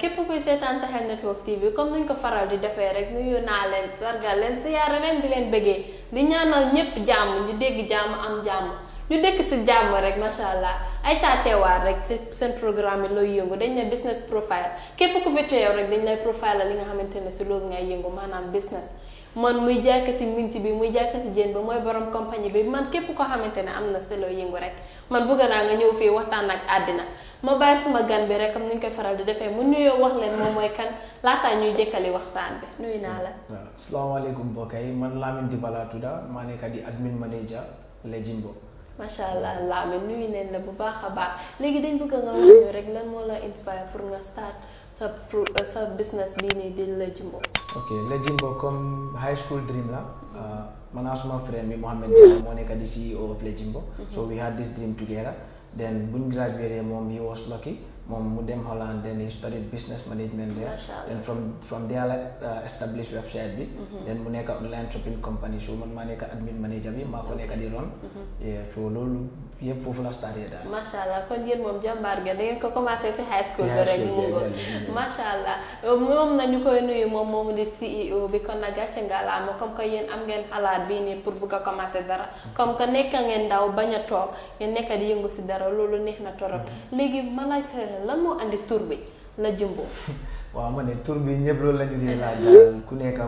képp kuy seetaan Sahel Network TV comme nuñ ko faral di defee rek nuyu naa leen sargal leen leen di leen bëggee di ñaanal ñépp jàmm ñu dégg jàmm am jàmm ñu dëkk si jàmm rek macha allah Aïcha teewaar rek si seen programme looy yëngu dañ ne business profile képp ku fi teew rek dañ lay profile li nga xamante ne si loolu ngay yëngu maanaam business man muy jàkkati minti bi muy jàkkati jën ba mooy borom compagnie bi man képp koo xamante ne am na si loo yëngu rek man bëgg naa nga ñëw fii waxtaan ak àddina ma bay sama gan bi rek ni ñu koy faral di defee mu nuyoo wax leen moom mooy kan laataa ñuy jëkkali waxtaan bi nuyu naa la. asalaamaaleykum mbokk yi man Lamine Dibala Touda maa nekk di admin manager Legimbo. macha allah Lamine nuyu neen la bu baax a baax léegi dañ bëgg nga wax ñu rek lan moo la inspire pour nga start sa pro sa business bii nii di Legimbo. ok Legimbo comme high school dream la. Ah, man naa suma friend bi Mohamed Diallo moo nekk di CEO of Legimbo. so we had this dream together. Then buñ graduate moom he was lucky. Mom mu dem Holland then he studied business management there. Then from from there uh, established website bi. Mm-hmm. Then mu nekk online shopping company so man maa nekk admin manager bi maa ko nekk di run. Mm-hmm. so loolu yëpp foofu la staré daal. macha allah kon yéen moom jàmbaar ngeen da ko commencé si high school bi rek mu ngoog macha allah moom na ñu koy nuyu moom moom di CEO bi kon nag gàcce ngalaama comme que yéen am ngeen xalaat bii nii pour bëgg a commencé dara comme que nekk ngeen ndaw bañ a toog ngeen nekk di yëngu si dara loolu neex na torop léegi ma laaj lan moo andi tur bi la jëmboo. waaw ma ne tur bi ñëpp loolu la ñu di laaj ku nekk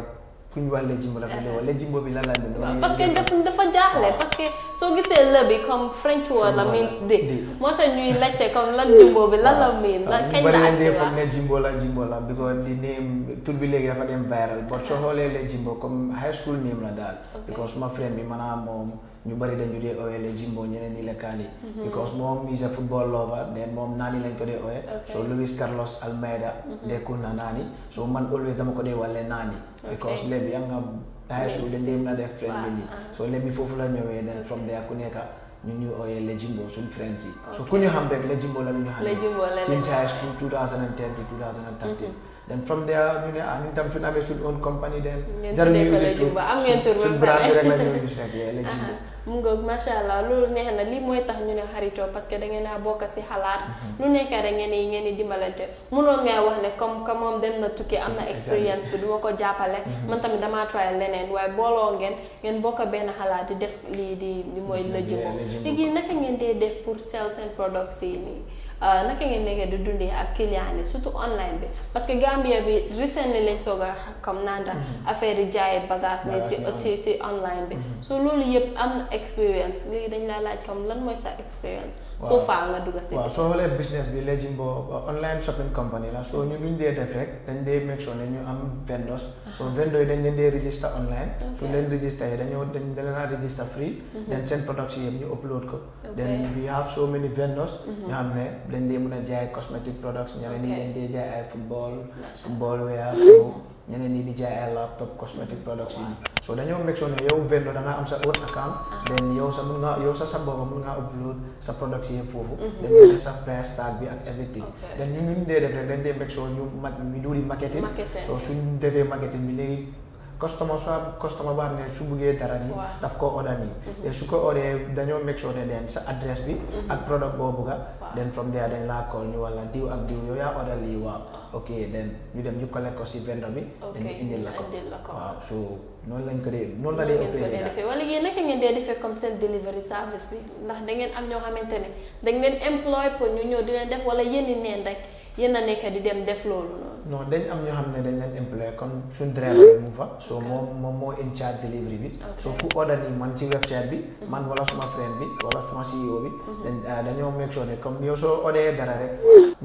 ku ñu wax Lejimbo la ko Lejimbo bi lan la mel. waaw parce que dafa dafa jaaxle parce que soo gisee la comme French word means de. moo tax ñuy lajte comme lan jimbo bi lan la mean. lan kañ la ak ne jimbo la jimbo la because di name tur bi léegi dafa dem viral but soo ah. xoolee Lejimbo comme high school name la daal. because suma friend bi maanaam moom. ñu bari dañu dee ooyee le Jimbo ñeneen ñi la Kali. Mhm. because moom is a football lover then moom Nani lañ ko dee ooyee. so Luis Carlos Almeida. Mhm. dee ko na Nani so man always dama ko dee wale Nani. because léegi am nga high school dañ dem na def friend ah. bi nii. so léegi foofu la ñëwee then from there ku nekk ñu ñu ooyee le Jimbo suñu friends yi. so ku ñu xam rek le Jimbo la ñu xam. le Jimbo la to then from there ñu ne ah ñun tam suñu amee suñu own company dem jarul ñu uti tur ba am ngeen tur ba pare rek la ñu gis rek la mu allah lu neex na li moy tax ñu ne xaritoo parce que da ngeen na bokk si xalaat lu nekkee da ngeen yi ngeen di dimbalante mënoon nga wax ne comme comme mom dem na tukki amna experience bi du ko jàppale man tamit dama try leneen way bolo ngeen ngeen bokk ben xalaat di def li di moy mooy la jëmoo léegi naka ngeen dee def pour sell sen products yi Euh, naka ngeen nekkee di dundee ak client yi surtout online bi parce que Gambia bi recently lañ soog a comme naan la mhm. affaire yi jaay bagage ne si ci si online bi mhm. so loolu yëpp am na expérience léegi dañ laa laaj comme lan mooy sa expérience so far nga dugg si. So soo business bi Legend bo online shopping company la So ñu luñ dee def rek dañ dé make sure ñu am vendors. so vendors dañ leen dé register online. so leen register yi dañu dañ leen register free. Mhm. then send products yi ñu upload ko. then we have so many vendors. ñu am né dañ dé mëna jaay cosmetic products ñu ñi dañ dé jaay ay football. football wear ñeneen ñi di jaay ay laptop cosmetic products yi so dañu make sure yo vendo da nga am sa own account uh-huh. then yo sa mën nga yo sa sa bobo mën nga upload sa product yi fofu then nga sa price tag bi ak everything then ñu ñu dé def rek dañ dé make sure ñu ñu mm-hmm. do di marketing so suñ défé marketing bi légui customer so customer ba ne su bëggee dara ni daf ko order ni et su ko order dañoo make sure ne sa address bi mm-hmm. ak product boo bëgga then from there dañ la call ñu wala diw ak diw yow yaa order li waaw oh. ok then ñu dem ñu collect ko si vendor bi dañu indil la ko waaw so noonu lañ ko dee noonu la dee ëppee defee wala yéen naka ngeen dee defee comme seen delivery service bi ndax dangeen ngeen am ñoo xamante ne dañ leen employé pour ñu ñëw di leen def wala yéen neen rek yéen a nekk di dem def loolu noonu. non dañ am ñoo xam ne dañ leen employé comme suñu driver mu fa so moom moo in charge delivery bi. so ku order nii man ci website bi. Mhm. man wala suma friend bi wala suma CEO bi. Mhm. dañ ah, dañoo make sure ne comme yow soo order dara rek.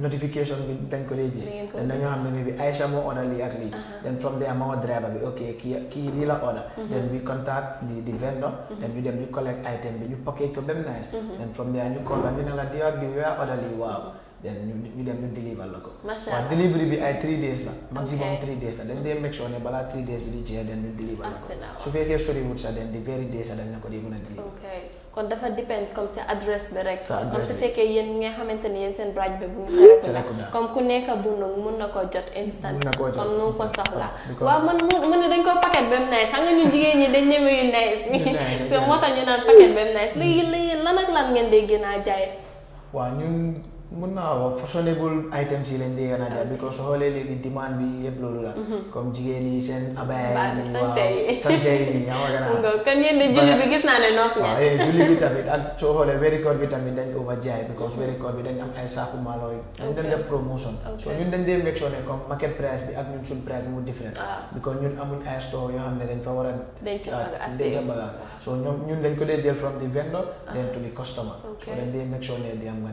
notification bi dañ ko dee gis. dañoo xam ne bi Aïcha moo order lii ak lii. then from there moo driver bi ok kii kii la order. Mhm. then we contact di di vendor. then ñu dem ñu collect item bi ñu package ko ba nice. then from there ñu call la ne la di ak order lii waaw. then ñu dem ñu deliver la ko. macha allah waaw delivery bi ay 3 days la. maximum 3 days la dañ dee make sure ne la ko. su fekkee sori wut sax then di very days dañ la ko di mën a deliver. ok kon dafa depend comme si adresse bi rek. comme fekkee yéen ñi xamante ne yéen seen branch bi bu ñu Serekunda comme ku nekk mun na koo jot instant. comme nu ko soxla. waaw man mu ne dañ koy paquet ba mu nice xam ñu jigéen ñi dañ ñeme nice. so moo tax ñu naan paquet ba mu nice mm. léegi yéen lan ak lan ngeen dee gën a jaay. mun naa wax fashionable items yi lañ dee gën a jar ah, because soo xoolee léegi demande bi yëpp loolu la. Mm-hmm. comme jigéen yi seen abaya yi. waaw sanse yi nii yaa ma a. julli bi gis naa ne noos ngeen. tamit ak soo xoolee weerikoor bi tamit dañ overjaay because weerikoor mm-hmm. bi dañ am ay saaku maaloo yi. dañ doon dañ dee make sure ne comme market price bi ak ñun suñ price mu different. Ah. because ñun amuñ ay store yoo xam ne dañ fa war a. dañ ca ah, bagage dañ ca so ñoom ñun dañ ko dee jël from the vendor. then to the di am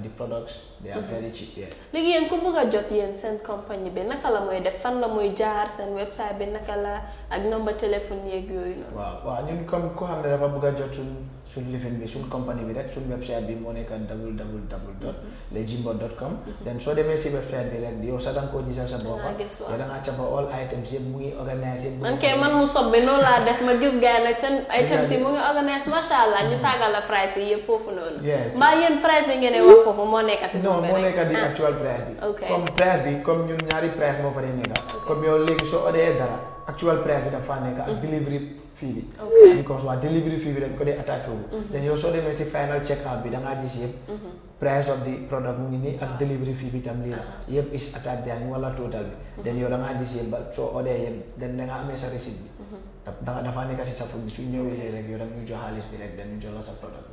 they are very cheap yeah. léegi yéen ku a jot yéen seen compagnie bi naka la mooy def fan la mooy jaar seen website bi naka la ak number téléphone yeeg yooyu noonu. waaw waaw ñun comme ku xam ne dafa bëgg a jot suñ suñ lifin bi suñ compagnie bi rek suñ website bi moo nekk www dot legimbo mhm. dot soo demee si website bi rek yow sax da nga koo sa bopp. ah gis waaw all items yëpp mu ngi organisé. man kay man mu sob bi noonu laa def ma gis gars yi nag seen items yi mu ngi organisé non moo nekk di ah. actual price bi. comme price bi comme ñun ñaari price moo fa dee nekk. comme yow léegi soo odee dara actual price bi dafa nekk ak mm. delivery fii bi. because waa delivery fii bi dañ ko mm-hmm. si yëpp. Mm-hmm. price of the product mu ngi nii ak ah. delivery fii bi tam lii ah. yëpp is attaché daal wala total bi. dañ mm-hmm. yow da ngaa gis yëpp ba soo odee yëpp dañ da amee sa receipt bi. da dafa nekk si sa produit su ñëwee rek yow da ñu jox xaalis bi rek dañu jox sa produit.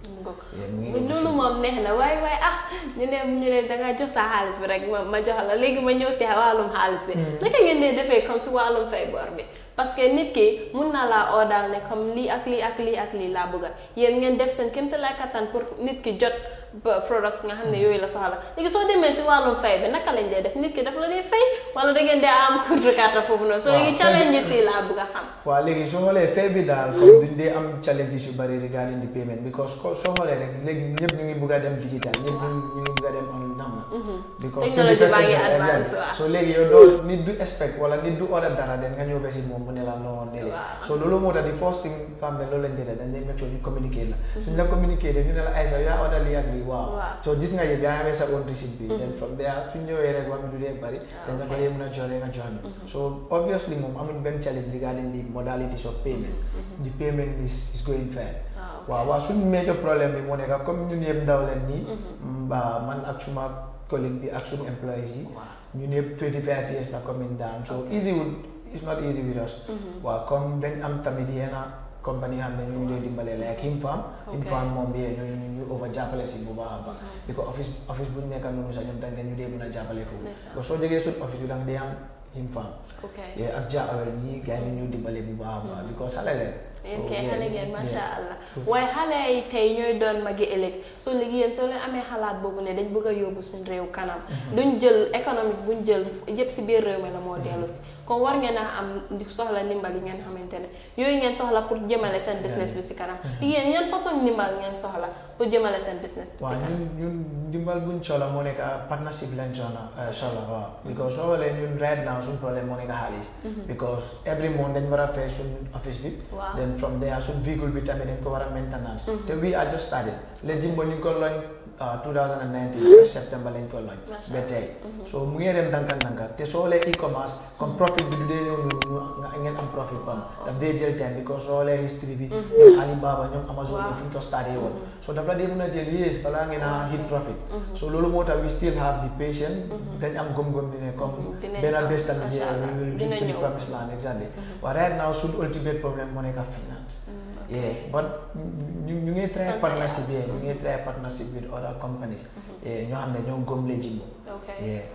mu ngi moom neex na waaye waaye ah ñu ne ñu ne da ngaa jox sa xaalis bi rek ma jox la léegi ma ñëw si wàllum xaalis bi. naka ngeen ne defee comme si wàllum fay bor bi. parce que nit ki mun naa laa oo daal ne comme lii ak lii ak lii ak lii laa bëgg a yéen ngeen def seen kéemtalaay kattan pour nit ki jot. ba products nga xam ne yooyu la soxla léegi soo demee si wàllum fay bi naka lañ dee def nit ki daf la dee fay wala da ngeen dee am cours de carte foofu noonu. waaw soo léegi challenge yi laa bëgg a xam. waaw léegi soo xoolee fay bi daal. comme duñ dee am challenges yu bari regarding the payment because soo xoolee rek léegi ñëpp ñu ngi bëgg a dem digital ñëpp ñu ngi bëgg dem online. technologie baa ngi advance waaw so léegi ah. du expect wala ni du order dara den nga ñëw ba si moom mu ne la non ne so loolu moo tax di first thing pambe loolu lañ jëlee dañ lay mettre ñu communiquer la mm-hmm. la communiquer ñu la ay sa yaa order lii ak lii waaw so gis nga yëpp yaa amee sa own receipt bi mm-hmm. then from there suñ ñëwee rek wax mi du dee bari dañ la ko dee a joxe nga mm-hmm. so obviously moom amuñ ben challenge regarding the modalities of payment the payment is is going fair Ah, waaw waaw suñu major problème bi moo nekk comme ñun yëpp ndaw leen nii. Mhm. mbaa man ak suma collègue bi ak suñu employés yi. ñun yëpp 25 years la coming down so easy wul it's not easy with us. Mhm. waaw comme dañ am tamit yenn compagnie yi xam ñu ngi leen dimbalee like him jàppale si bu baa a baax. parce que bu ñu nekk noonu sax ñoom jàppale soo jógee suñu office bi da nga ñu dimbale bu baax a baax. parce mhm. que yéen kay oh, xale ngeen macha allah oh. waaye xale yi tey ñooy doon magi ëllëg soo léegi yéen soo leen amee xalaat boobu ne dañ bëgg a yóbbu suñu réew kanam mhm. duñ jël économique buñ jël yëpp si biir réew mi la moo dellu si kon war ngeen a am di soxla ndimbal yi ngeen xamante ne yooyu ngeen soxla pour jëmale seen business bi si kanam mm-hmm. yéen yan ndimbal ngeen soxla pour jëmale seen business bi si kanam ndimbal buñ soxla moo nekk ah, partnership lañ soxla ah, soxla waaw mm-hmm. because soo xoolee ñun right now suñ problème moo nekk xaalis mm-hmm. because every month dañ war a fay suñ office bi then from there suñ véhicule bi tamit dañ ko war a maintenance te we are just started léegi jimbo 2019 septembre lañ ko launch ba tey so mu ngee dem ndànka ndànka te soo lee e-commerce comme profit bi du dee ñëw nga ngeen am profit bam daf dee jël time because soo lee history bi Alibaba ñoom Amazon ñoom ñu ko starté woon so dafa dee mën a jël yees balaa ngeen a hit profit so loolu moo tax we still have the patience dañ am gëm-gëm di comme benn bés tamit dina ñëw waaye right now suñu ultimate problème moo nekk finance yes but ñu ñu ngi try partnership yeah ñu ngi try partnership with other companies mm-hmm. yeah ñoo xam ne ñoo gëm la jimbo okay yeah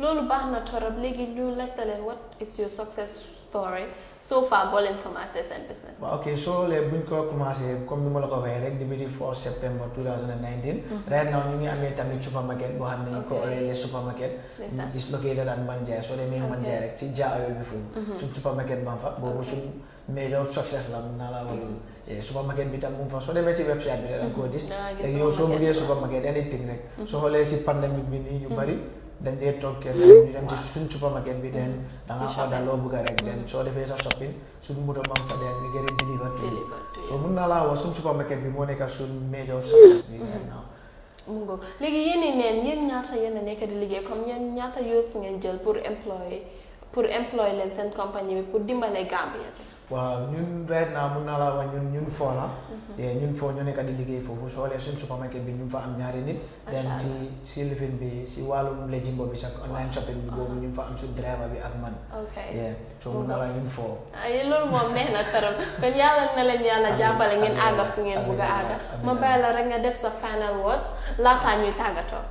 loolu baax na torop léegi ñu laajte what is your success story so far boo from commencé seen business. waaw ok so lee buñ ko commencé comme ni ma la ko waxee rek 4 septembre 2019. right now ñu ngi amee tamit supermarket boo xam ne ñu ko olee supermarket. Mm, is located at Manjai soo demee Manjai rek ci jaa bi foofu. Mm-hmm. supermarket ban fa boobu suñ major success la nala. la Ya, supermarket bitam mum fa so demee ci website bi dana koo gis te yow soo buggee supermarket yaa ngi tëj rek soo xoolee si pandémie bi nii ñu bari dañ dee toog kenn ñu dem ci suñ supermarket bi den da nga order loo bëgg rek den soo defee sa shopping suñ moto bam fa den ñu gërëm deliver to so mun naa laa wax suñ supermarket bi moo nekk suñ major success bi right kan, now mu ngoog léegi yéen ni neen yéen ñaata yéen a nekk di liggéey comme yéen ñaata youths ngeen jël pour employé pour employé leen seen compagnie bi pour dimbale Gambia ya, waaw ñun right now mun naa laa wax ñun ñun foo la mhm. ñun foo ñu nekk di liggéey foofu soo lee suñ supermarket bi ñu fa am ñaari nit dem ci si lifin bi si wàllum lejimbo bi sax online shopping bi boobu uh-huh. ñu fa am suñ driver bi ak man ye soo mun naa laa ñun foo ah, loolu moom neex na trop kon yàlla na leen yàlla jàppale ngeen àgga fu ngeen bugg a ma bàyyi la rek nga def sa final words laata ñuy tàggatoo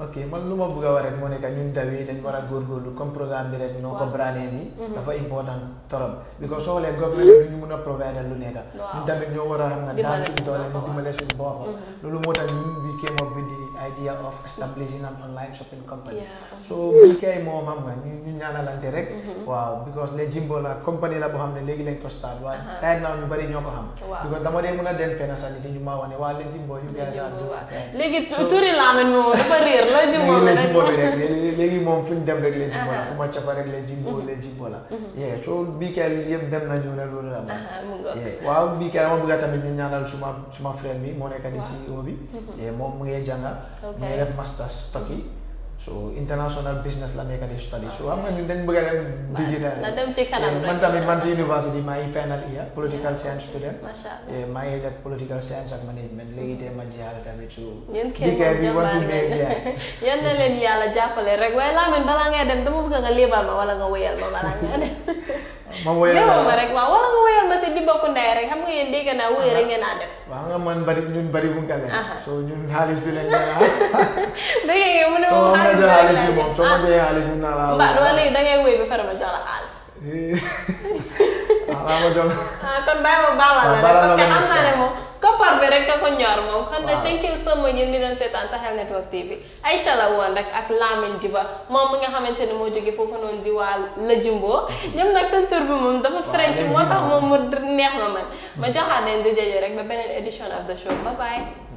ok man lu ma bëgg a wax rek moo nekk ñun ndaw dañ war a góorgóorlu comme programme bi rek noo ko braanee nii dafa important trop because soo xoolee mhm. government bi ñu mun a provider lu nekk ñun tamit ñoo war a xam nga daal suñu doole ñu dimbale suñu bopp mhm. moo tax ñun we came up with the idea of establishing an online shopping company so bi kay moom xam nga mhm. waaw because les la boo xam ne léegi lañ ko start waaye right now ñu bari ñoo ko xam because dama dee mën a dem fenn la nit ñu léegi turi laamen moom dafa réer cër la ji moom rek léegi bi rek léegi moom fu ñu dem rek leen ci bola ku ma capa rek leen ci bo leen ci bola yee soo biikeel yëpp dem nañu ne loolu la ma uh-huh, waaw biikeel ma bëgg tamit ñu ñaanal suma suma bi moo nekk di CEO bi uh-huh. moom mu ngee jànga mu ngee def masters Turkey So international business la meka study. So di going to dem ci kanam man Manta man ci University my final year political ya. science student. Mashallah. Yeah, my at political science and management. Legi te ma jihal ta me chu. di ke ma jabal me. Yen na leen yalla jappalé rek way la men bala ngay dem dama bëgg nga lebal ma wala nga wëyal ma bala nga dem. Ma wëyal ma. rek ma wala nga wëyal ma ci di bokku ndey rek xam nga yeen dégg na wëy rek ngeen def. Wa nga man bari ñun bari bu ngalé. So ñun xaliss bi lañ halis bi moom soo ma joxee xaalis mun naa laa. mbaa doo léegi da kon bàyyi ma baalal la parce que am naa ne moom. koppar bi thank you so much ñun mi doon Network TV Aïcha la woon rek ak Lamine Diba moom mi nga xamante ni moo jógee foofu noonu di waa la jumbo ñoom nag seen tur bi moom dafa French moo tax moom mu neex of the show bye bye.